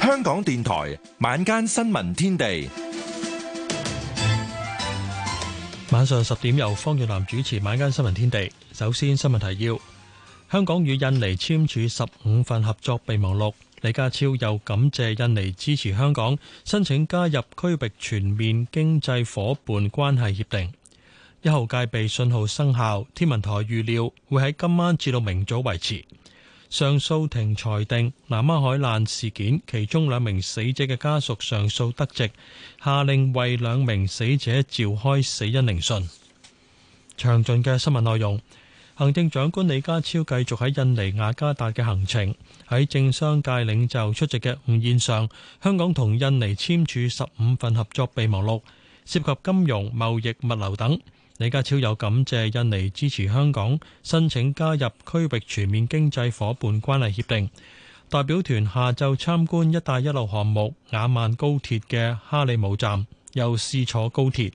香港電台晚間新聞天地，晚上十點由方月蘭主持晚間新聞天地。首先新聞提要：香港與印尼簽署十五份合作備忘錄。李家超又感謝印尼支持香港申請加入區域全面經濟夥伴關係協定。一號戒備信號生效，天文台預料會喺今晚至到明早維持。上訴庭裁定南灣海難事件其中兩名死者嘅家屬上訴得直，下令為兩名死者召開死因聆訊。詳盡嘅新聞內容。行政長官李家超繼續喺印尼雅加達嘅行程，喺政商界領袖出席嘅午宴上，香港同印尼簽署十五份合作備忘錄，涉及金融、貿易、物流等。李家超有感謝印尼支持香港申請加入區域全面經濟夥伴關係協定。代表團下晝參觀一帶一路項目雅萬高鐵嘅哈利姆站，又試坐高鐵。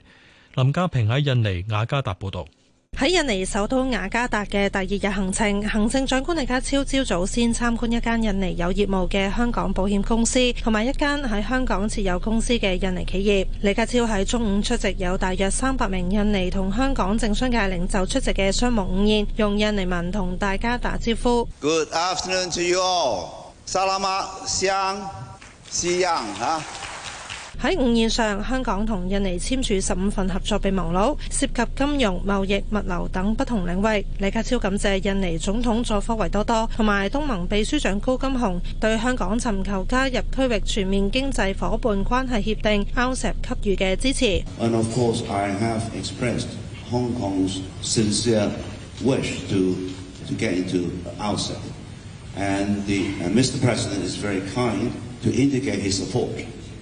林家平喺印尼雅加達報導。喺印尼首都雅加達嘅第二日行程，行政長官李家超朝早先參觀一間印尼有業務嘅香港保險公司，同埋一間喺香港設有公司嘅印尼企業。李家超喺中午出席有大約三百名印尼同香港政商界領袖出席嘅商務午宴，用印尼文同大家打招呼。Good afternoon to you all. Salama, siang, siang，吓。喺午宴上，香港同印尼簽署十五份合作備忘錄，涉及金融、貿易、物流等不同領域。李家超感謝印尼總統佐科維多多同埋東盟秘書長高金雄對香港尋求加入區域全面經濟伙伴關係協定 RCEP 給予嘅支持。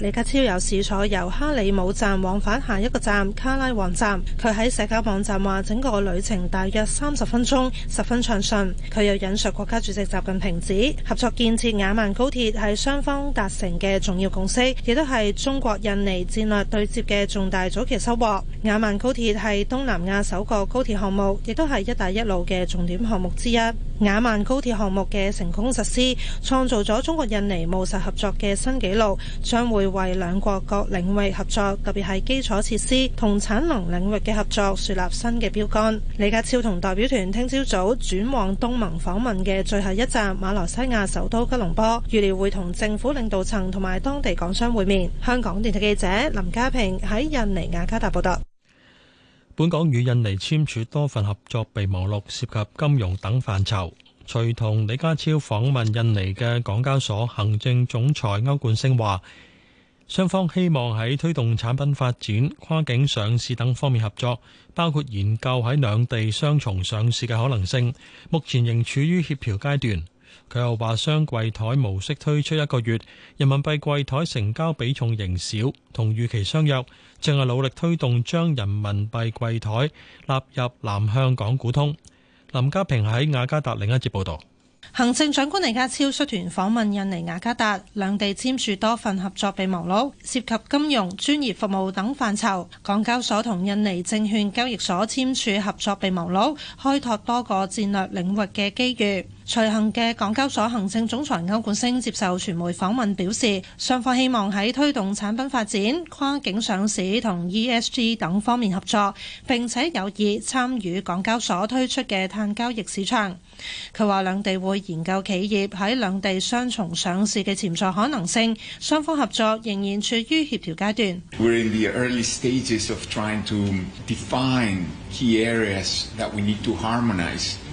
李家超有試坐由哈里姆站往返下一個站卡拉旺站，佢喺社交網站話整個旅程大約三十分鐘，十分暢順。佢又引述國家主席習近平指，合作建設雅萬高鐵係雙方達成嘅重要共識，亦都係中國印尼戰略對接嘅重大早期收穫。雅萬高鐵係東南亞首個高鐵項目，亦都係一帶一路嘅重點項目之一。雅萬高鐵項目嘅成功實施，創造咗中國印尼務實合作嘅新紀錄，將會為兩國各領域合作，特別係基礎設施同產能領域嘅合作，樹立新嘅標杆。李家超同代表團聽朝早轉往東盟訪問嘅最後一站馬來西亞首都吉隆坡，預料會同政府領導層同埋當地港商會面。香港電台記者林家平喺印尼雅加達報道。本港與印尼簽署多份合作備忘錄涉，涉及金融等範疇，隨同李家超訪問印尼嘅港交所行政總裁歐冠星話，雙方希望喺推動產品發展、跨境上市等方面合作，包括研究喺兩地雙重上市嘅可能性，目前仍處於協調階段。佢又話：雙櫃台模式推出一個月，人民幣櫃台成交比重仍少，同預期相若。正係努力推動將人民幣櫃台納入南向港股通。林家平喺雅加達。另一節報道，行政長官李家超率團訪問印尼雅加達，兩地簽署多份合作備忘錄，涉及金融、專業服務等範疇。港交所同印尼證券交易所簽署合作備忘錄，開拓多個戰略領域嘅機遇。隨行嘅港交所行政總裁歐冠星接受傳媒訪問表示，雙方希望喺推動產品發展、跨境上市同 ESG 等方面合作，並且有意參與港交所推出嘅碳交易市場。佢話兩地會研究企業喺兩地雙重上市嘅潛在可能性，雙方合作仍然處於協調階段。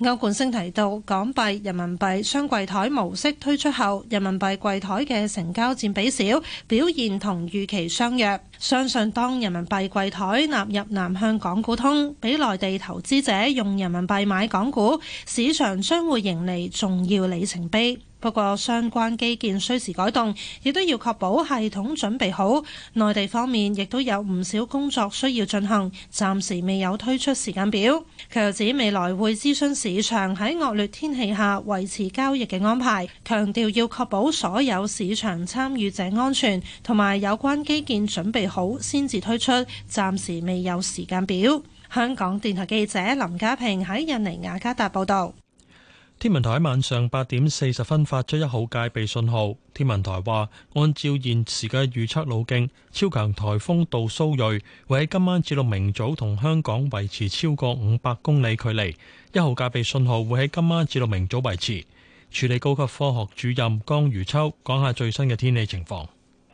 歐冠昇提到，港幣、人民幣雙櫃台模式推出後，人民幣櫃台嘅成交佔比少，表現同預期相若。相信當人民幣櫃台納入南向港股通，俾內地投資者用人民幣買港股，市場將會迎嚟重要里程碑。不過，相關基建需時改動，亦都要確保系統準備好。內地方面亦都有唔少工作需要進行，暫時未有推出時間表。佢又指未來會諮詢市場喺惡劣天氣下維持交易嘅安排，強調要確保所有市場參與者安全，同埋有關基建準備好先至推出，暫時未有時間表。香港電台記者林家平喺印尼雅加達報導。天文台晚上八點四十分發出一號戒備信號，天文台話按照現時嘅預測路徑超強颱風杜蘇芮會喺今晚至到明早同香港維持超過五百公里距離，一號戒備信號會喺今晚至到明早維持。處理高級科學主任江如秋講下最新嘅天氣情況。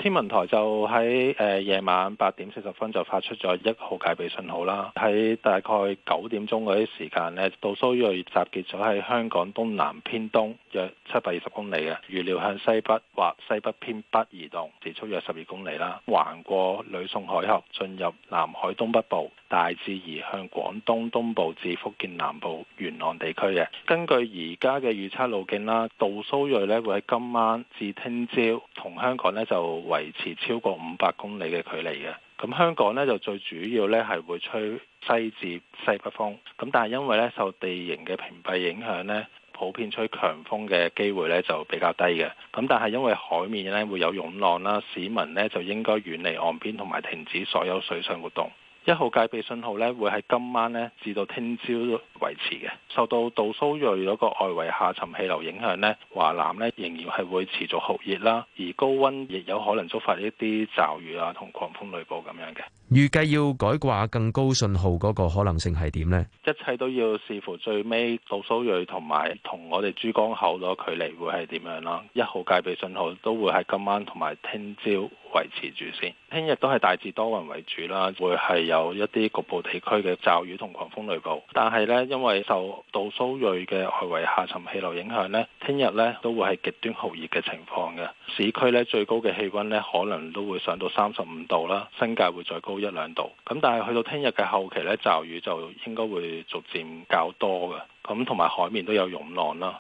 天文台就喺誒夜晚八點四十分就發出咗一號戒備信號啦。喺大概九點鐘嗰啲時間咧，杜蘇瑞集結咗喺香港東南偏東約七百二十公里嘅預料向西北或西北偏北移動，時速約十二公里啦。橫過呂宋海峽進入南海東北部，大致移向廣東東,東部至福建南部沿岸地區嘅。根據而家嘅預測路徑啦，杜蘇瑞咧會喺今晚至聽朝同香港呢就維持超過五百公里嘅距離嘅，咁香港呢，就最主要呢係會吹西至西北風，咁但係因為呢，受地形嘅屏蔽影響呢，普遍吹強風嘅機會呢就比較低嘅，咁但係因為海面呢會有湧浪啦，市民呢就應該遠離岸邊同埋停止所有水上活動。一號戒備信號咧，會喺今晚咧至到聽朝都維持嘅。受到杜蘇芮嗰個外圍下沉氣流影響咧，華南咧仍然係會持續酷熱啦，而高溫亦有可能觸發一啲驟雨啊同狂風雷暴咁樣嘅。預計要改掛更高信號嗰個可能性係點呢？一切都要視乎最尾杜蘇芮同埋同我哋珠江口嗰個距離會係點樣啦。一號戒備信號都會喺今晚同埋聽朝，維持住先，聽日都係大致多雲為主啦，會係有一啲局部地區嘅驟雨同狂風雷暴，但係呢，因為受到蘇芮嘅外圍下沉氣流影響呢，聽日呢都會係極端酷熱嘅情況嘅，市區呢，最高嘅氣溫呢可能都會上到三十五度啦，新界會再高一兩度，咁但係去到聽日嘅後期呢驟雨就應該會逐漸較多嘅，咁同埋海面都有湧浪啦。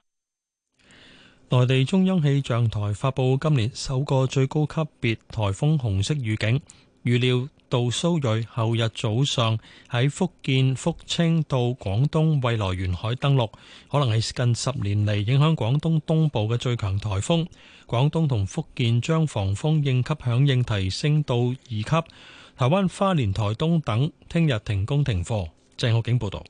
內地中央氣象台發布今年首個最高級別颱風紅色預警，預料杜蘇芮後日早上喺福建福清到廣東惠來沿海登陸，可能係近十年嚟影響廣東東部嘅最強颱風。廣東同福建將防風應急響應提升到二級。台灣花蓮、台東等聽日停工停課。鄭浩景報道。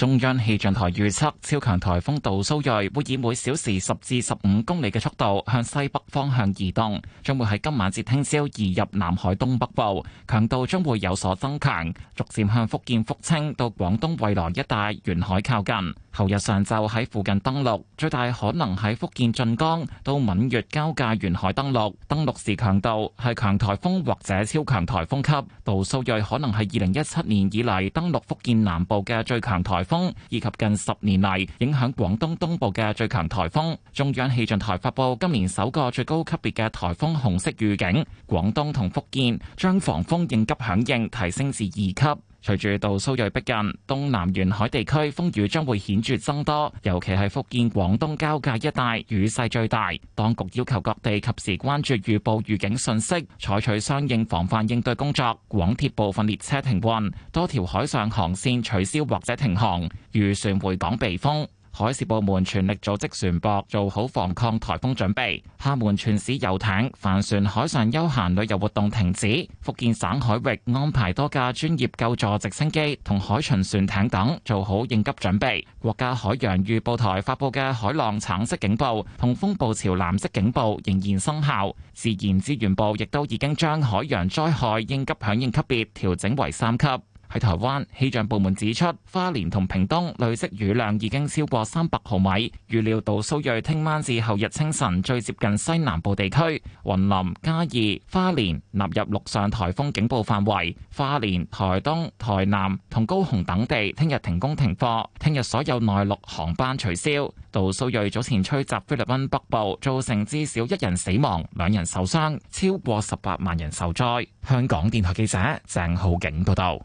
中央氣象台預測，超強台風杜蘇芮會以每小時十至十五公里嘅速度向西北方向移動，將會喺今晚至聽朝移入南海東北部，強度將會有所增強，逐漸向福建福清到廣東惠來一帶沿海靠近。後日上晝喺附近登陸，最大可能喺福建晉江到閩粵交界沿海登陸。登陸時強度係強台風或者超強台風級，杜蘇芮可能係二零一七年以嚟登陸福建南部嘅最強台風，以及近十年嚟影響廣東東部嘅最強台風。中央氣象台發布今年首個最高級別嘅台風紅色預警，廣東同福建將防風應急響應提升至二級。隨住到蘇瑞逼近，東南沿海地區風雨將會顯著增多，尤其係福建、廣東交界一帶雨勢最大。當局要求各地及時關注預報預警信息，採取相應防範應對工作。廣鐵部分列車停運，多條海上航線取消或者停航，漁船回港避風。海事部門全力組織船舶做好防抗颱風準備，廈門全市遊艇、帆船海上休閒旅遊活動停止。福建省海域安排多架專業救助直升機同海巡船艇等做好應急準備。國家海洋預報台發布嘅海浪橙色警報同風暴潮藍色警報仍然生效。自然資源部亦都已經將海洋災害應急響應級別調整為三級。喺台灣氣象部門指出，花蓮同屏東累積雨量已經超過三百毫米。預料杜蘇芮聽晚至後日清晨最接近西南部地區，雲林、嘉義、花蓮納入陸上颱風警報範圍。花蓮、台東、台南同高雄等地聽日停工停課，聽日所有內陸航班取消。杜蘇芮早前吹襲菲律賓北部，造成至少一人死亡，兩人受傷，超過十八萬人受災。香港電台記者鄭浩景報道。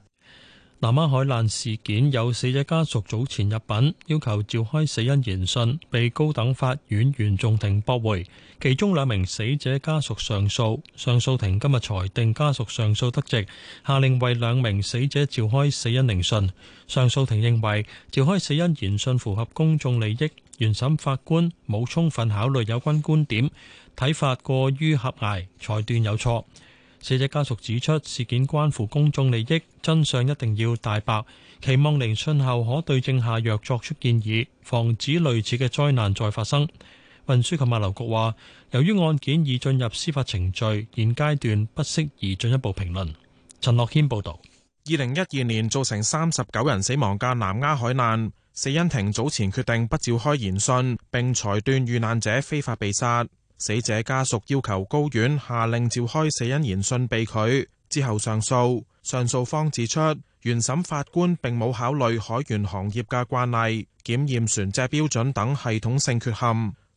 南丫海難事件有死者家屬早前入禀要求召開死因研訊，被高等法院原訟庭駁回。其中兩名死者家屬上訴，上訴庭今日裁定家屬上訴得直，下令為兩名死者召開死因聆訊。上訴庭認為召開死因研訊符合公眾利益，原審法官冇充分考慮有關觀點，睇法過於狹隘，裁斷有錯。死者家屬指出，事件關乎公眾利益，真相一定要大白。期望聆訊後可對症下藥作出建議，防止類似嘅災難再發生。運輸及物流局話，由於案件已進入司法程序，現階段不適宜進一步評論。陳樂謙報道。二零一二年造成三十九人死亡嘅南丫海難，死因庭早前決定不召開言訊，並裁斷遇難者非法被殺。死者家屬要求高院下令召開死因言訊被拒，之後上訴。上訴方指出，原審法官並冇考慮海員行業嘅慣例、檢驗船隻標準等系統性缺陷，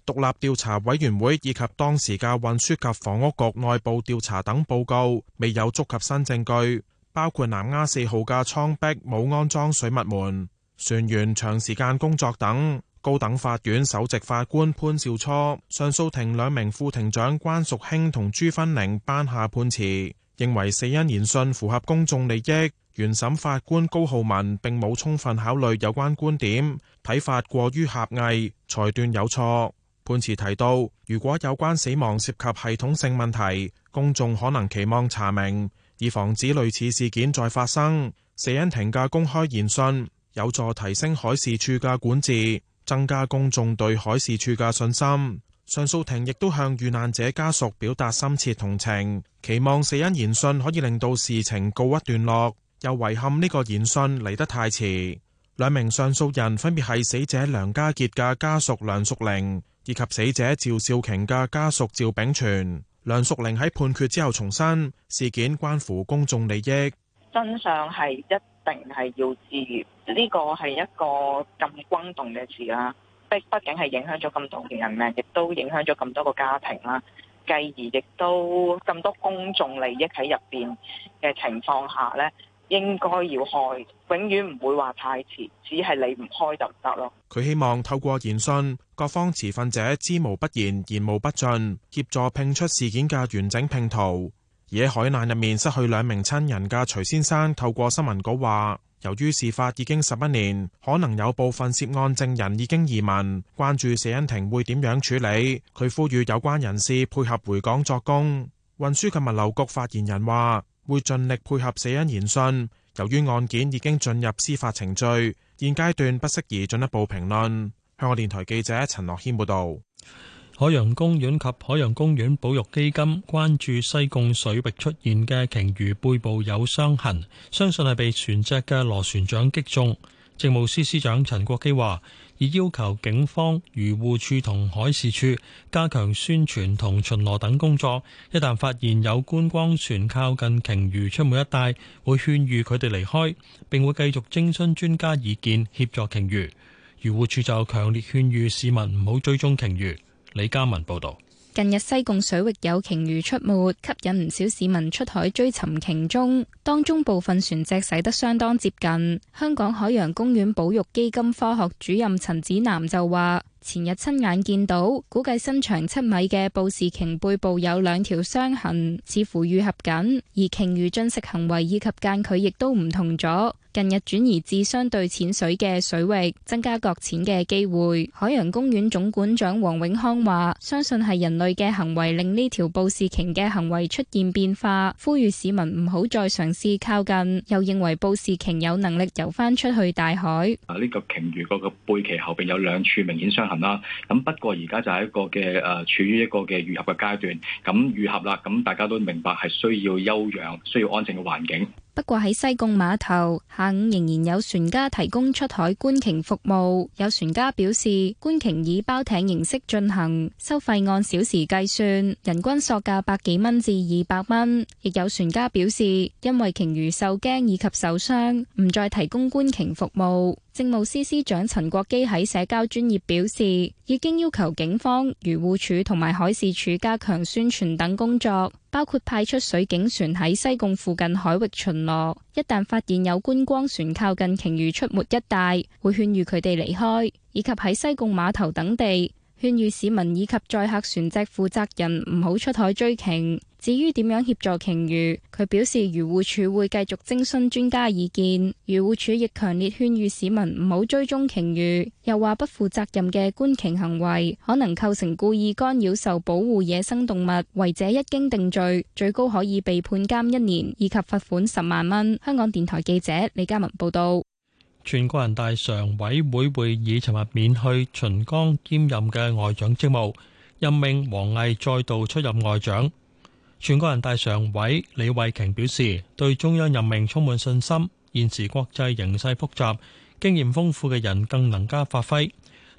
獨立調查委員會以及當時嘅運輸及房屋局內部調查等報告未有觸及新證據，包括南丫四號架艙壁冇安裝水密門、船員長時間工作等。高等法院首席法官潘兆初、上訴庭兩名副庭長關淑卿同朱芬玲頒下判詞，認為死因言訊符合公眾利益。原審法官高浩文並冇充分考慮有關觀點，睇法過於狹隘，裁斷有錯。判詞提到，如果有關死亡涉及系統性問題，公眾可能期望查明，以防止類似事件再發生。死因庭嘅公開言訊有助提升海事處嘅管治，增加公眾對海事處嘅信心。上訴庭亦都向遇難者家屬表達深切同情，期望死因研訊可以令到事情告一段落，又遺憾呢個研訊嚟得太遲。兩名上訴人分別係死者梁家杰嘅家屬梁淑玲，以及死者趙少瓊嘅家屬趙炳全。梁淑玲喺判決之後重申，事件關乎公眾利益，真相係一。定係要治呢個係一個咁轟動嘅事啦，畢畢竟係影響咗咁多嘅人命，亦都影響咗咁多個家庭啦。繼而亦都咁多公眾利益喺入邊嘅情況下呢，應該要開，永遠唔會話太遲，只係你唔開就唔得咯。佢希望透過研訊，各方持份者知無不言，言無不盡，協助拼出事件嘅完整拼圖。而喺海難入面失去兩名親人嘅徐先生透過新聞稿話，由於事發已經十一年，可能有部分涉案證人已經移民，關注死因庭會點樣處理。佢呼籲有關人士配合回港作供。運輸及物流局發言人話，會盡力配合死因研訊。由於案件已經進入司法程序，現階段不適宜進一步評論。香港電台記者陳樂謙報道。海洋公園及海洋公園保育基金關注西貢水域出現嘅鯨魚背部有傷痕，相信係被船隻嘅螺旋槳擊中。政務司司長陳國基話，已要求警方、漁護處同海事處加強宣傳同巡邏等工作。一旦發現有觀光船靠近鯨魚出沒一帶，會勸喻佢哋離開，並會繼續徵詢專家意見協助鯨魚。漁護處就強烈勸喻市民唔好追蹤鯨魚。李嘉文報道，近日西貢水域有鯨魚出沒，吸引唔少市民出海追尋鯨蹤，當中部分船隻駛得相當接近。香港海洋公園保育基金科學主任陳子南就話，前日親眼見到，估計身長七米嘅布氏鯨背部有兩條傷痕，似乎愈合緊，而鯨魚進食行為以及間距亦都唔同咗。近日轉移至相對淺水嘅水域，增加擱淺嘅機會。海洋公園總館長黃永康話，相信係人類嘅行為令呢條布氏鯨嘅行為出現變化，呼籲市民唔好再嘗試靠近。又認為布氏鯨有能力游翻出去大海。啊，呢個鯨魚嗰個背鰭後邊有兩處明顯傷痕啦，咁不過而家就喺一個嘅誒、呃，處於一個嘅愈合嘅階段，咁愈合啦，咁大家都明白係需要休養，需要安靜嘅環境。不過喺西貢碼頭，下午仍然有船家提供出海觀鯨服務，有船家表示觀鯨以包艇形式進行，收費按小時計算，人均索價百幾蚊至二百蚊。亦有船家表示，因為鯨魚受驚以及受傷，唔再提供觀鯨服務。政務司司長陳國基喺社交專頁表示，已經要求警方、漁護署同埋海事處加強宣傳等工作，包括派出水警船喺西貢附近海域巡邏，一旦發現有觀光船靠近鯨魚出沒一帶，會勸喻佢哋離開，以及喺西貢碼頭等地勸喻市民以及載客船隻負責人唔好出海追鯨。至於點樣協助鯨魚，佢表示漁護署會繼續徵詢專家意見。漁護署亦強烈勸喻市民唔好追蹤鯨魚，又話不負責任嘅觀鯨行為可能構成故意干擾受保護野生動物，違者一經定罪，最高可以被判監一年以及罰款十萬蚊。香港電台記者李嘉文報道。全國人大常委會會議尋日免去秦剛兼任嘅外長職務，任命王毅再度出任外長。全國人大常委李慧瓊表示，對中央任命充滿信心。現時國際形勢複雜，經驗豐富嘅人更能加發揮。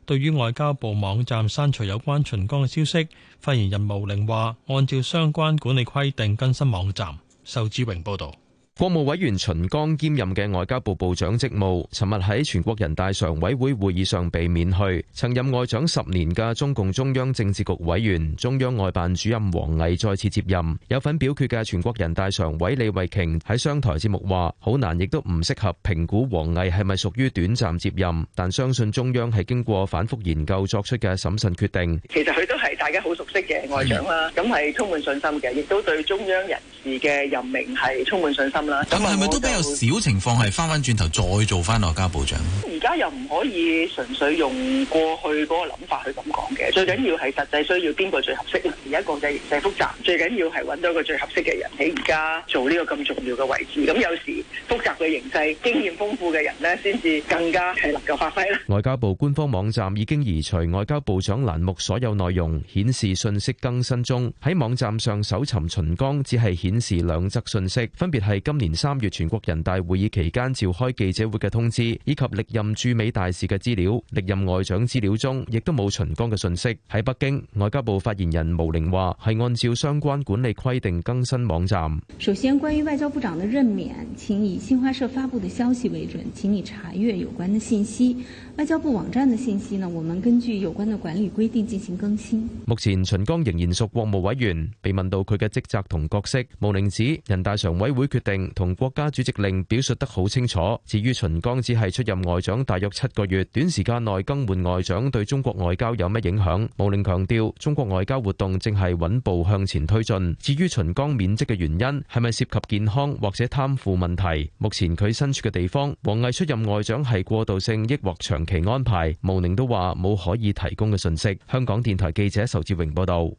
對於外交部網站刪除有關秦剛嘅消息，發言人毛寧話，按照相關管理規定更新網站。仇志榮報道。國務委員秦剛兼任嘅外交部部長職務，尋日喺全國人大常委會會議上被免去。曾任外長十年嘅中共中央政治局委員、中央外辦主任王毅再次接任。有份表決嘅全國人大常委李慧瓊喺商台節目話：好難，亦都唔適合評估王毅係咪屬於短暫接任，但相信中央係經過反覆研究作出嘅審慎決定。其實佢都係大家好熟悉嘅外長啦，咁係充滿信心嘅，亦都對中央人士嘅任命係充滿信心。咁係咪都比較少情況係翻翻轉頭再做翻外交部長？而家又唔可以純粹用過去嗰個諗法去咁講嘅，最緊要係實際需要邊個最合適啦？而家國際形勢複雜，最緊要係揾到個最合適嘅人喺而家做呢個咁重要嘅位置。咁有時複雜嘅形勢，經驗豐富嘅人呢，先至更加係能夠發揮啦。外交部官方網站已經移除外交部長欄目所有內容，顯示信息更新中。喺網站上搜尋秦剛，只係顯示兩則信息，分別係今年三月全國人大會議期間召開記者會嘅通知，以及歷任駐美大使嘅資料，歷任外長資料中亦都冇秦剛嘅信息。喺北京，外交部發言人毛寧話，係按照相關管理規定更新網站。首先，關於外交部長嘅任免，請以新華社發布嘅消息為準，請你查閱有關嘅信息。外交部網站嘅信息呢，我們根據有關嘅管理規定進行更新。目前秦剛仍然屬國務委員。被問到佢嘅職責同角色，毛寧指人大常委會決定。同國家主席令表述得好清楚。至於秦剛只係出任外長大約七個月，短時間內更換外長對中國外交有乜影響？毛寧強調，中國外交活動正係穩步向前推進。至於秦剛免職嘅原因係咪涉及健康或者貪腐問題？目前佢身處嘅地方，王毅出任外長係過渡性抑或長期安排？毛寧都話冇可以提供嘅信息。香港電台記者仇志榮報道。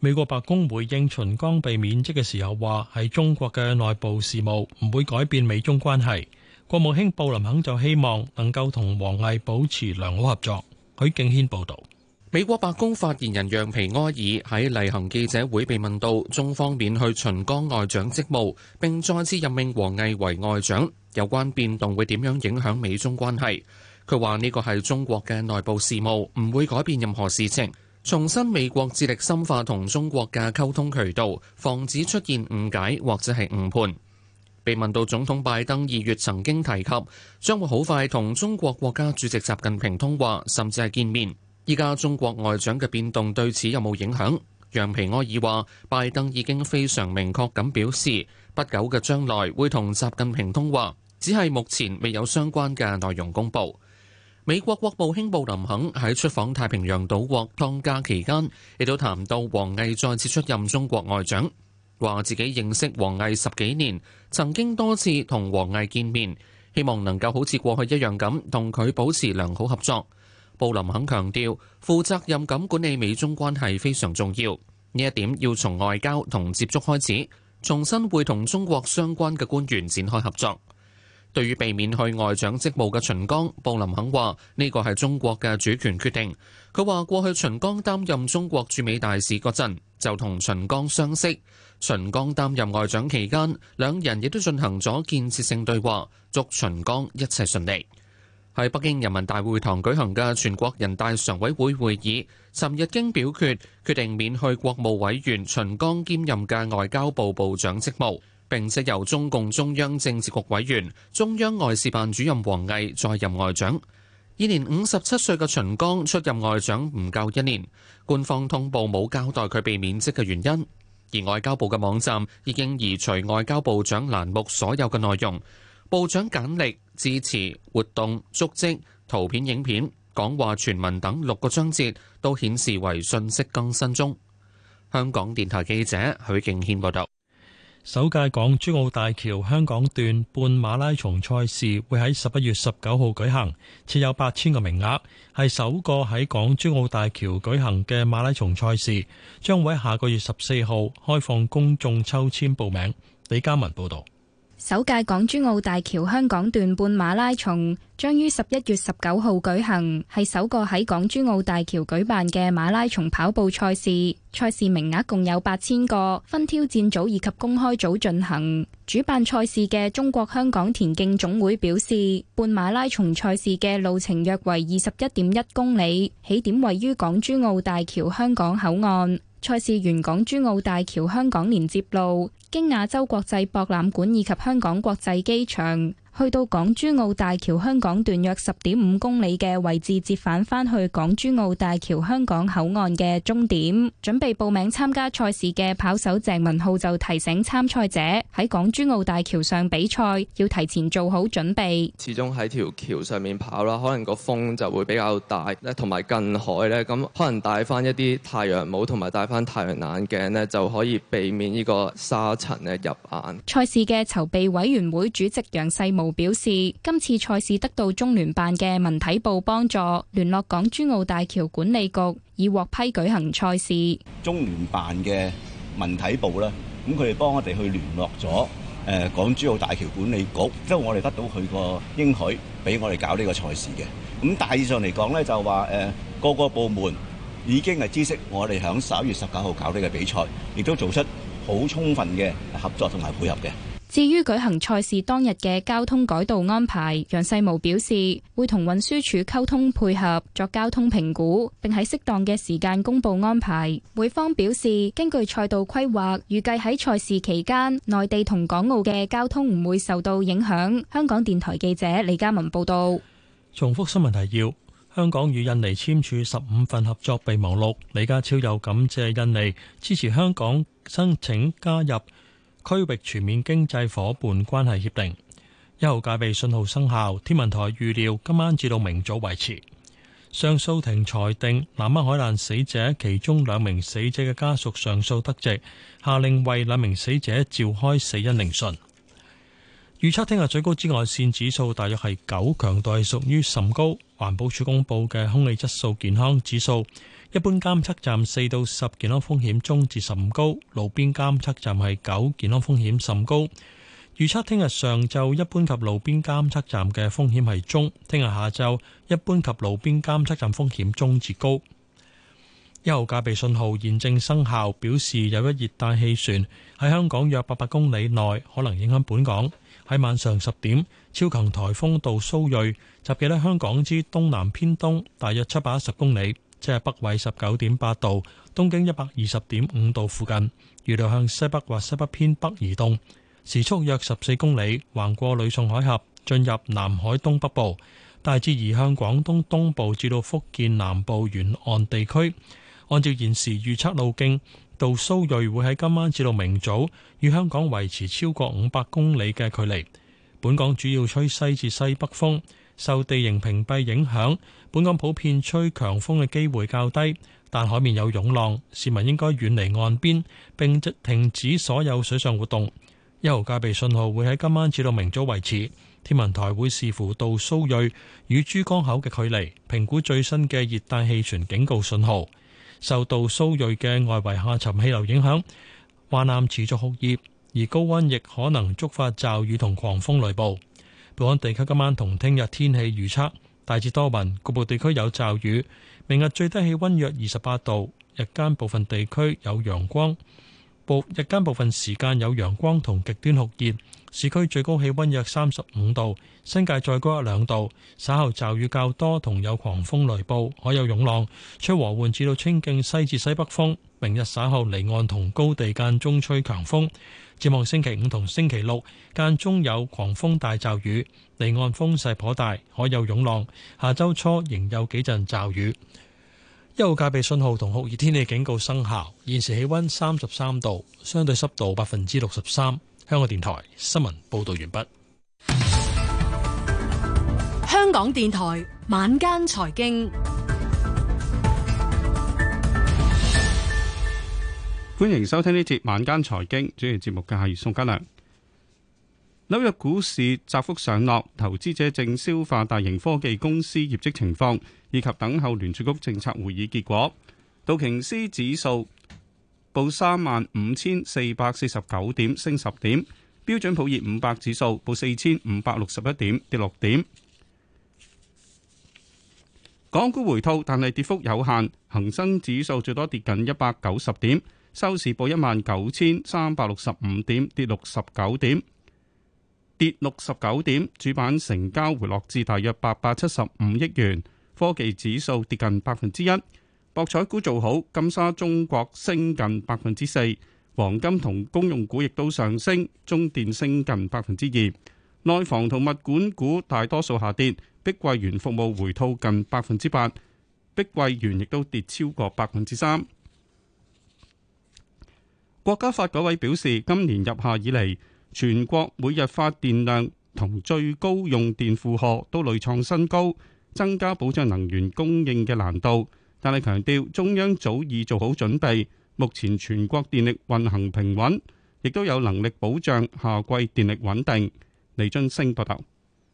美國白宮回應秦剛被免職嘅時候，話係中國嘅內部事務，唔會改變美中關係。國務卿布林肯就希望能夠同王毅保持良好合作。許敬軒報道，美國白宮發言人楊皮埃爾喺例行記者會被問到中方免去秦剛外長職務，並再次任命王毅為外長，有關變動會點樣影響美中關係？佢話呢個係中國嘅內部事務，唔會改變任何事情。重申美國致力深化同中國嘅溝通渠道，防止出現誤解或者係誤判。被問到總統拜登二月曾經提及將會好快同中國國家主席習近平通話甚至係見面，依家中國外長嘅變動對此有冇影響，楊皮埃爾話拜登已經非常明確咁表示，不久嘅將來會同習近平通話，只係目前未有相關嘅內容公布。美國國務卿布林肯喺出訪太平洋島國東加期間，亦都談到王毅再次出任中國外長，話自己認識王毅十幾年，曾經多次同王毅見面，希望能夠好似過去一樣咁同佢保持良好合作。布林肯強調，負責任咁管理美中關係非常重要，呢一點要從外交同接觸開始，重新會同中國相關嘅官員展開合作。對於被免去外長職務嘅秦剛，布林肯話呢個係中國嘅主權決定。佢話過去秦剛擔任中國駐美大使嗰陣就同秦剛相識，秦剛擔任外長期間，兩人亦都進行咗建設性對話，祝秦剛一切順利。喺北京人民大會堂舉行嘅全國人大常委會會議，尋日經表決決定免去國務委員秦剛兼任嘅外交部部長職務。並且由中共中央政治局委員、中央外事辦主任王毅再任外長。現年五十七歲嘅秦剛出任外長唔夠一年，官方通報冇交代佢被免職嘅原因，而外交部嘅網站已經移除外交部長欄目所有嘅內容，部長簡歷、支持活動、足跡、圖片、影片、講話全文等六個章節都顯示為信息更新中。香港電台記者許敬軒報道。首屆港珠澳大橋香港段半馬拉松賽事會喺十一月十九號舉行，設有八千個名額，係首個喺港珠澳大橋舉行嘅馬拉松賽事，將會喺下個月十四號開放公眾抽籤報名。李嘉文報道。首屆港珠澳大橋香港段半馬拉松將於十一月十九號舉行，係首個喺港珠澳大橋舉辦嘅馬拉松跑步賽事。賽事名額共有八千個，分挑戰組以及公開組進行。主辦賽事嘅中國香港田徑總會表示，半馬拉松賽事嘅路程約為二十一點一公里，起點位於港珠澳大橋香港口岸。賽事沿港珠澳大橋、香港連接路、經亞洲國際博覽館以及香港國際機場。去到港珠澳大橋香港段約十點五公里嘅位置，折返翻去港珠澳大橋香港口岸嘅終點，準備報名參加賽事嘅跑手鄭文浩就提醒參賽者喺港珠澳大橋上比賽要提前做好準備。始終喺條橋上面跑啦，可能個風就會比較大咧，同埋近海咧，咁可能戴翻一啲太陽帽同埋戴翻太陽眼鏡咧，就可以避免呢個沙塵咧入眼。賽事嘅籌備委員會主席楊世武表示今次賽事得到中聯辦嘅文體部幫助，聯絡港珠澳大橋管理局已獲批舉行賽事。中聯辦嘅文體部咧，咁佢哋幫我哋去聯絡咗誒港珠澳大橋管理局， 即係我哋得到佢個應許，俾我哋搞呢個賽事嘅。咁大致上嚟講咧，就話誒各個部門已經係知識我哋響十一月十九號搞呢個比賽，亦都做出好充分嘅合作同埋配合嘅。至於舉行賽事當日嘅交通改道安排，楊世模表示會同運輸署溝通配合，作交通評估，並喺適當嘅時間公佈安排。會方表示，根據賽道規劃，預計喺賽事期間，內地同港澳嘅交通唔會受到影響。香港電台記者李嘉文報道。重複新聞提要：香港與印尼簽署十五份合作備忘錄。李家超又感謝印尼支持香港申請加入。區域全面經濟夥伴關係協定。一號戒備信號生效，天文台預料今晚至到明早維持。上訴庭裁定南丫海難死者其中兩名死者嘅家屬上訴得直，下令為兩名死者召開死因聆訊。預測聽日最高紫外線指數大約係九，強度屬於甚高。環保署公佈嘅空氣質素健康指數，一般監測站四到十，健康風險中至甚高，路邊監測站係九，健康風險甚高。預測聽日上晝一般及路邊監測站嘅風險係中，聽日下晝一般及路邊監測站風險中至高。一號戒備信號現正生效，表示有一熱帶氣旋喺香港約八百公里內可能影響本港。喺晚上十點，超強颱風杜蘇芮集結喺香港之東南偏東，大約七百一十公里。即係北緯十九點八度，東經一百二十點五度附近，預料向西北或西北偏北移動，時速約十四公里，橫過呂宋海峽，進入南海東北部，大致移向廣東東,東部至到福建南部沿岸地區。按照現時預測路徑，杜蘇芮會喺今晚至到明早與香港維持超過五百公里嘅距離。本港主要吹西至西北風，受地形屏蔽影響。本港普遍吹強風嘅機會較低，但海面有湧浪，市民應該遠離岸邊，並即停止所有水上活動。一號戒備信號會喺今晚至到明早維持。天文台會視乎到蘇瑞與珠江口嘅距離，評估最新嘅熱帶氣旋警告信號。受到蘇瑞嘅外圍下沉氣流影響，華南持續酷熱，而高温亦可能觸發驟雨同狂風雷暴。本港地區今晚同聽日天氣預測。大致多雲，局部地區有驟雨。明日最低氣溫約二十八度，日間部分地區有陽光，部日間部分時間有陽光同極端酷熱。市區最高氣溫約三十五度，新界再高一兩度。稍後驟雨較多，同有狂風雷暴，可有湧浪。吹和緩至到清勁西至西北風。明日稍後離岸同高地間中吹強風。展望星期五同星期六間中有狂風大驟雨，離岸風勢頗大，海有湧浪。下周初仍有幾陣驟雨，一號戒備信號同酷熱天氣警告生效。現時氣溫三十三度，相對濕度百分之六十三。香港電台新聞報道完畢。香港電台晚間財經。歡迎收聽呢節晚間財經，主持節目嘅係宋家良。紐約股市窄幅上落，投資者正消化大型科技公司業績情況，以及等候聯儲局政策會議結果。道瓊斯指數報三萬五千四百四十九點，升十點；標準普爾五百指數報四千五百六十一點，跌六點。港股回吐，但係跌幅有限，恒生指數最多跌近一百九十點。收市報一萬九千三百六十五點，跌六十九點，跌六十九點。主板成交回落至大約八百七十五億元。科技指數跌近百分之一。博彩股做好，金沙中國升近百分之四。黃金同公用股亦都上升，中電升近百分之二。內房同物管股大多數下跌，碧桂園服務回吐近百分之八，碧桂園亦都跌超過百分之三。國家發改委表示，今年入夏以嚟，全國每日發電量同最高用電負荷都屢創新高，增加保障能源供應嘅難度。但係強調，中央早已做好準備，目前全國電力運行平穩，亦都有能力保障夏季電力穩定。李俊升報道。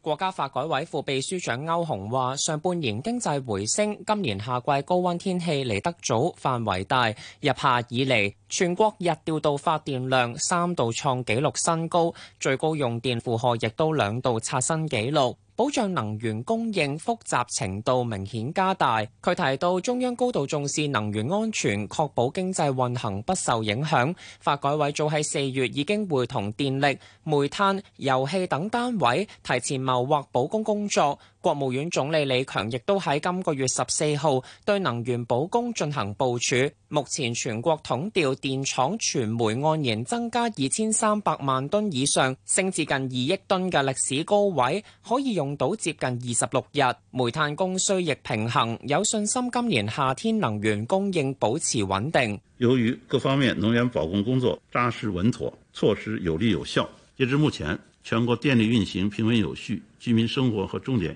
國家發改委副秘書長歐雄話：上半年經濟回升，今年夏季高溫天氣嚟得早，範圍大。入夏以嚟，全國日調度發電量三度創紀錄新高，最高用電負荷亦都兩度刷新紀錄。保障能源供應複雜程度明顯加大。佢提到，中央高度重視能源安全，確保經濟運行不受影響。發改委早喺四月已經會同電力、煤炭、油氣等單位提前謀劃保供工作。國務院總理李強亦都喺今個月十四號對能源保供進行部署。目前全國統調電廠存煤按年增加二千三百萬噸以上，升至近二億噸嘅歷史高位，可以用到接近二十六日。煤炭供需亦平衡，有信心今年夏天能源供應保持穩定。由於各方面能源保供工作扎實穩妥，措施有力有效，截至目前，全國電力運行平穩有序，居民生活和重點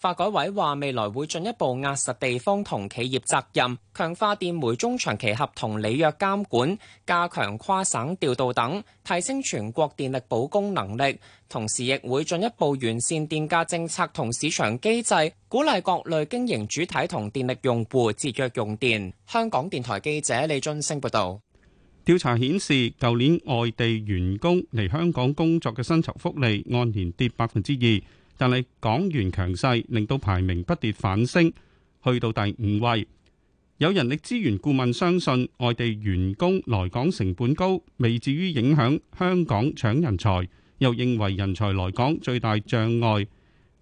發改委話未來會進一步壓實地方同企業責任，強化電煤中長期合同履約監管，加強跨省調度等，提升全國電力保供能力。同時亦會進一步完善電價政策同市場機制，鼓勵各類經營主體同電力用戶節約用電。香港電台記者李俊升報道。調查顯示，舊年外地員工嚟香港工作嘅薪酬福利按年跌百分之二。但係港元強勢，令到排名不跌反升，去到第五位。有人力資源顧問相信外地員工來港成本高，未至於影響香港搶人才，又認為人才來港最大障礙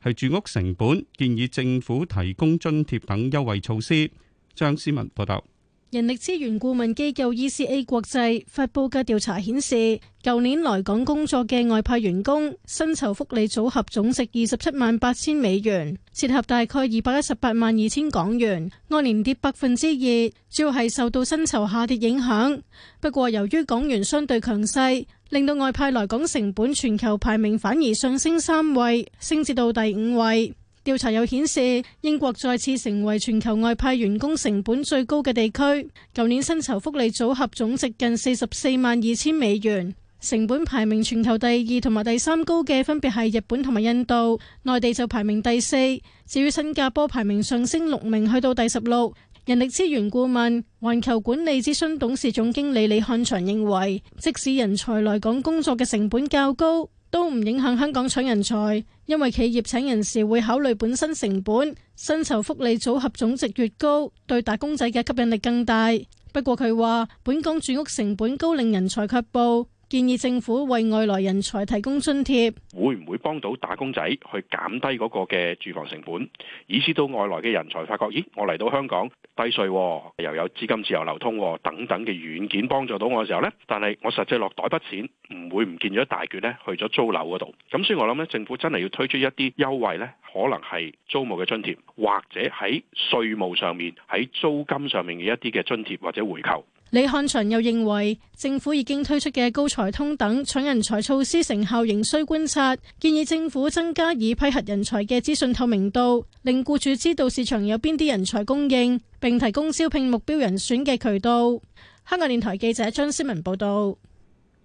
係住屋成本，建議政府提供津貼等優惠措施。張思文報道。人力資源顧問機構 ECA 國際發布嘅調查顯示，舊年來港工作嘅外派員工薪酬福利組合總值二十七萬八千美元，折合大概二百一十八萬二千港元，按年跌百分之二，主要係受到薪酬下跌影響。不過由於港元相對強勢，令到外派來港成本全球排名反而上升三位，升至到第五位。調查又顯示，英國再次成為全球外派員工成本最高嘅地區，舊年薪酬福利組合總值近四十四萬二千美元，成本排名全球第二同埋第三高嘅分別係日本同埋印度，內地就排名第四，至於新加坡排名上升六名，去到第十六。人力資源顧問、環球管理諮詢董事總經理李漢祥認為，即使人才來港工作嘅成本較高。都唔影響香港搶人才，因為企業請人時會考慮本身成本，薪酬福利組合總值越高，對打工仔嘅吸引力更大。不過佢話，本港住屋成本高，令人才卻步。建議政府為外來人才提供津貼，會唔會幫到打工仔去減低嗰個嘅住房成本，以至到外來嘅人才發覺，咦，我嚟到香港低稅啊，又有資金自由流通啊，等等嘅軟件幫助到我嘅時候呢，但係我實際落袋筆錢唔會唔見咗大券咧，去咗租樓嗰度，咁所以我諗咧，政府真係要推出一啲優惠呢，可能係租務嘅津貼，或者喺稅務上面，喺租金上面嘅一啲嘅津貼或者回購。李漢祥又認為，政府已經推出嘅高才通等搶人才措施成效仍需觀察，建議政府增加已批核人才嘅資訊透明度，令僱主知道市場有邊啲人才供應，並提供招聘目標人選嘅渠道。香港電台記者張思文報道。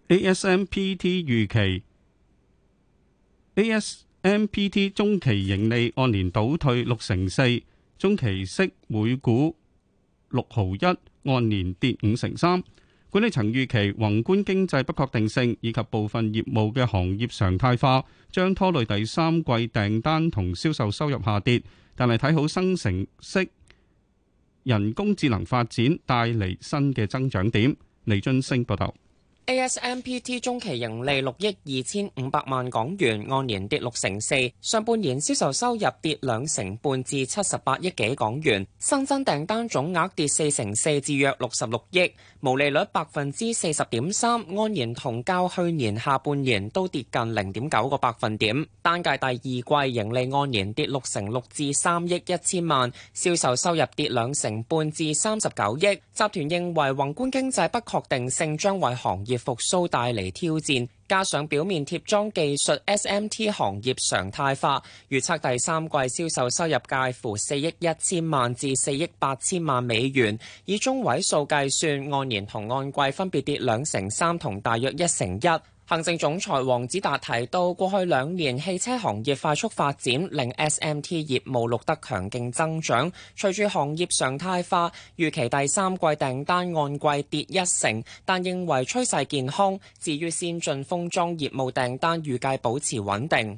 ASMPT 預期 ASMPT 中期盈利按年倒退六成四，中期息每股六毫一。按年跌五成三，管理層預期宏觀經濟不確定性以及部分業務嘅行業常態化，將拖累第三季訂單同銷售收入下跌，但係睇好生成式人工智能發展帶嚟新嘅增長點。李俊升報道。ASMPT 中期盈利六億二千五百萬港元，按年跌六成四。上半年銷售收入跌兩成半至七十八億幾港元，新增訂單總額跌四成四至約六十六億，毛利率百分之四十點三，按年同較去年下半年都跌近零點九個百分點。單計第二季盈利按年跌六成六至三億一千萬，銷售收入跌兩成半至三十九億。集團認為宏觀經濟不確定性將為行業復蘇帶嚟挑戰，加上表面貼裝技術 （SMT） 行業常態化，預測第三季銷售收入介乎四億一千萬至四億八千萬美元，以中位數計算，按年同按季分別跌兩成三同大約一成一。行政總裁黃子達提到過去兩年汽車行業快速發展令 SMT 業務錄得強勁增長隨住行業常態化預期第三季訂單按季跌一成但認為趨勢健康至於先進封裝業務訂單預計保持穩定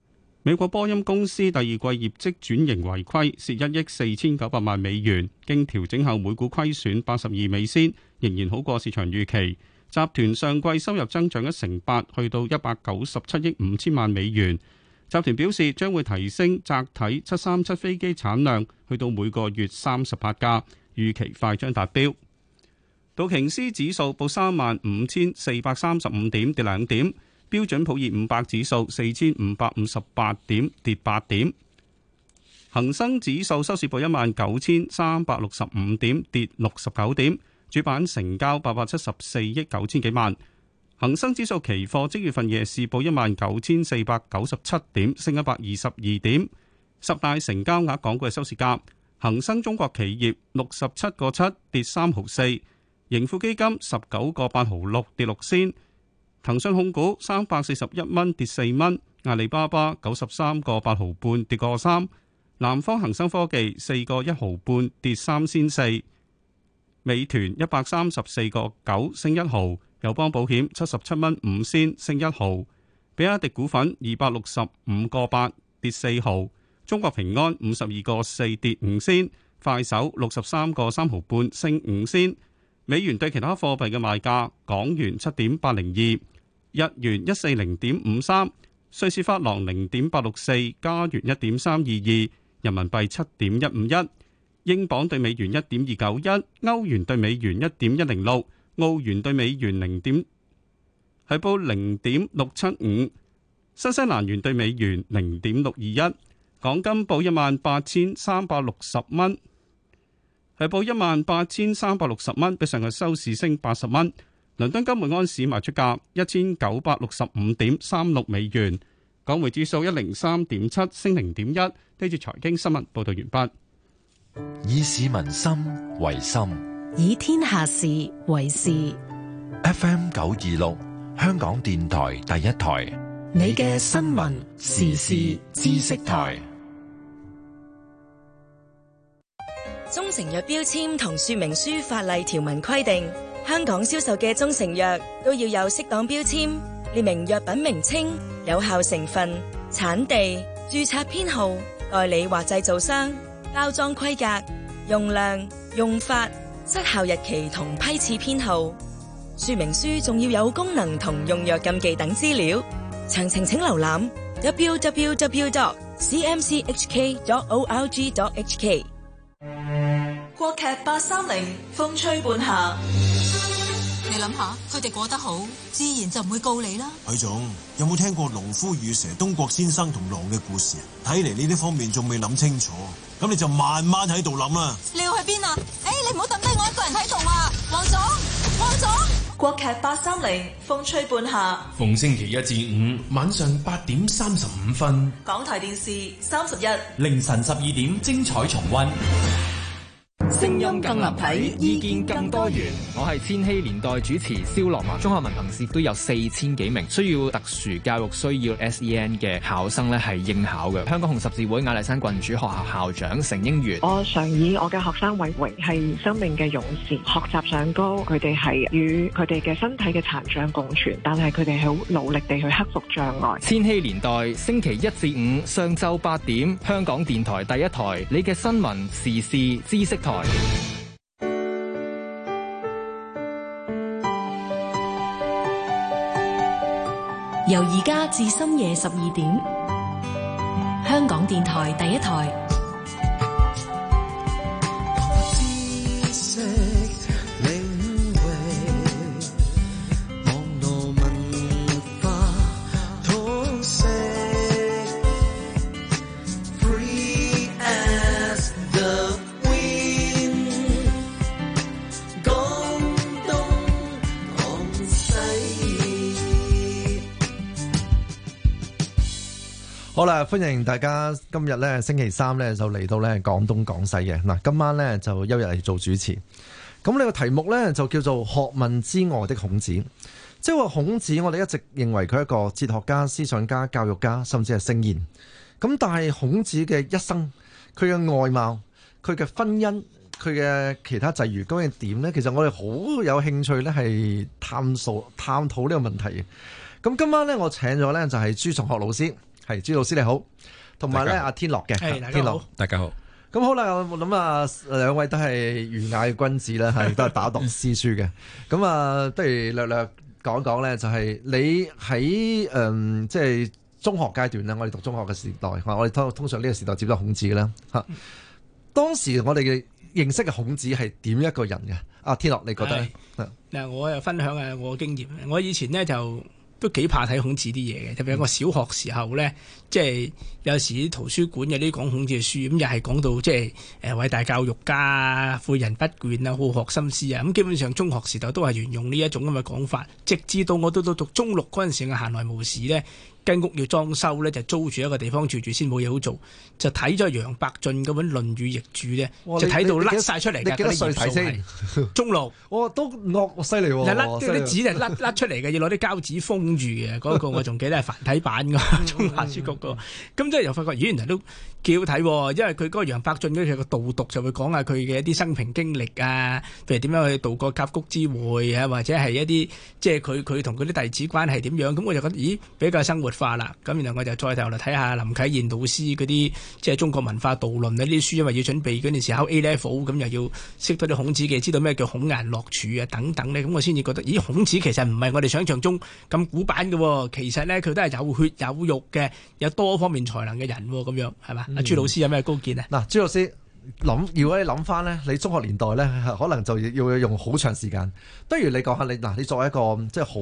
美國波音公司第二季業績轉型為虧，蝕一億四千九百萬美元，經調整後每股虧損八十二美仙，仍然好過市場預期。集團上季收入增長一成八，去到一百九十七億五千萬美元。集團表示將會提升集體七三七飛機產量，去到每個月三十八架，預期快將達標。道瓊斯指數報三萬五千四百三十五點，跌兩點。標準普爾五百指數四千五百五十八點，跌八點。恒生指數收市報一萬九千三百六十五點，跌六十九點。主板成交八百七十四億九千幾萬。恒生指數期貨即月份夜市報一萬九千四百九十七點，升一百二十二點。十大成交額港股嘅收市價：恒生中國企業六十七個七跌三毫四，盈富基金十九個八毫六跌六仙。騰訊控股三百四十一蚊跌四蚊，阿里巴巴九十三個八毫半跌個三，南方恒生科技四個一毫半跌三仙四，美團一百三十四個九升一毫，友邦保險七十七蚊五仙升一毫，比亞迪股份二百六十五個八跌四毫，中國平安五十二個四跌五仙，快手六十三個三毫半升五仙，美元對其他貨幣嘅賣價，港元七點八零二。日元一四零點五三，瑞士法郎零點八六四，加元一點三二二，人民幣七點一五一，英鎊對美元一點二九一，歐元對美元一點一零六，澳元對美元零點，係報零點六七五，新西蘭元對美元零點六二一，港金報一萬八千三百六十蚊，係報一萬八千三百六十蚊，比上日收市升八十蚊。倫敦金每安士賣出價一千九百六十五點三六美元，港匯指數一零三點七升零點一。呢住財經新聞報道完畢。以市民心為心，以天下事為事。F M 九二六，香港電台第一台，你嘅新聞時事知識台。中成藥標籤同說明書法例條文規定。香港銷售嘅中成藥都要有適當標籤，列明藥品名稱、有效成分、產地、註冊編號、代理或製造商、包裝規格、用量、用法、失效日期同批次編號。說明書仲要有功能同用藥禁忌等資料。詳情請瀏覽 www.cmchk.org.hk。Www. 國劇八三零，風吹半夏。你諗下，佢哋過得好，自然就唔會告你啦。許總，有冇聽過農夫與蛇、東郭先生同狼嘅故事啊？睇嚟，呢啲方面仲未諗清楚，咁你就慢慢喺度諗啦。你要去邊啊？誒、欸，你唔好等低我一個人喺度啊！黃總，汪總，國劇八三零，風吹半夏，逢星期一至五晚上八點三十五分，港台電視三十一，凌晨十二點，精彩重温。聲音更立體，意見更多元。我係千禧年代主持蕭樂文。中學文憑試都有四千幾名需要特殊教育需要 SEN 嘅考生呢係應考嘅。香港紅十字會雅麗珊郡主學校校長成英元。我常以我嘅學生為榮，係生命嘅勇士。學習上高，佢哋係與佢哋嘅身體嘅殘障共存，但係佢哋好努力地去克服障礙。千禧年代星期一至五上晝八點，香港電台第一台，你嘅新聞時事知識台。由而家至深夜十二點，香港電台第一台。好啦，歡迎大家今日咧星期三咧就嚟到咧講東講西嘅嗱。今晚咧就休日嚟做主持。咁呢個題目咧就叫做《學問之外的孔子》，即係話孔子。我哋一直認為佢係一個哲學家、思想家、教育家，甚至係聖賢。咁但係孔子嘅一生，佢嘅外貌，佢嘅婚姻，佢嘅其他際遇，究竟點咧？其實我哋好有興趣咧，係探索探討呢個問題嘅。咁今晚咧，我請咗咧就係朱崇學老師。係朱老師，你好，同埋咧阿天樂嘅，天樂，大家好。咁樂好啦，我諗啊兩位都係儒雅嘅君子啦，吓 都係打讀詩書嘅。咁啊不如略略講一講咧，就係、是、你喺誒即係中學階段咧，我哋讀中學嘅時代，我哋通通常呢個時代接觸孔子啦吓、啊。當時我哋嘅認識嘅孔子係點一個人嘅？阿、啊、天樂你覺得咧？嗱，我又分享下我嘅經驗。我以前咧就。都幾怕睇孔子啲嘢嘅，特別係我小學時候呢、嗯，即係有時啲圖書館有啲講孔子嘅書，咁又係講到即係誒偉大教育家、誨人不倦啊、好,好學心思啊，咁、嗯、基本上中學時代都係沿用呢一種咁嘅講法，直至到我都到讀中六嗰陣時，我閒來無事呢。間屋要裝修咧，就租住一個地方住住先，冇嘢好做，就睇咗楊伯峻嗰本《論語譯注》咧，就睇到甩晒出嚟嘅嗰中路哦都落犀利，即係啲紙就甩甩出嚟嘅，要攞啲膠紙封住嘅，嗰、那個我仲記得係繁體版嘅 中華書局、那個，咁即係又發覺咦原來都，幾好睇，哦，因為佢嗰個楊伯峻佢個導讀就會講下佢嘅一啲生平經歷啊，譬如點樣去度過夾谷之會啊，或者係一啲即係佢佢同佢啲弟子關係點樣，咁我就覺得咦比較生活化啦。咁然後我就再頭嚟睇下林啟賢老師嗰啲即係中國文化導論呢啲書，因為要準備嗰陣時考 A Level 咁又要識得啲孔子嘅，知道咩叫孔顏樂處啊等等咧，咁我先至覺得咦孔子其實唔係我哋想象中咁古板嘅，哦，其實呢，佢都係有血有肉嘅，有多方面才能嘅人咁、哦、樣，係嘛？啊，朱老師有咩高見咧？嗱、嗯，朱老師，諗，如果你諗翻咧，你中學年代咧，可能就要要用好長時間。不如你講下你嗱，你作為一個，即係好。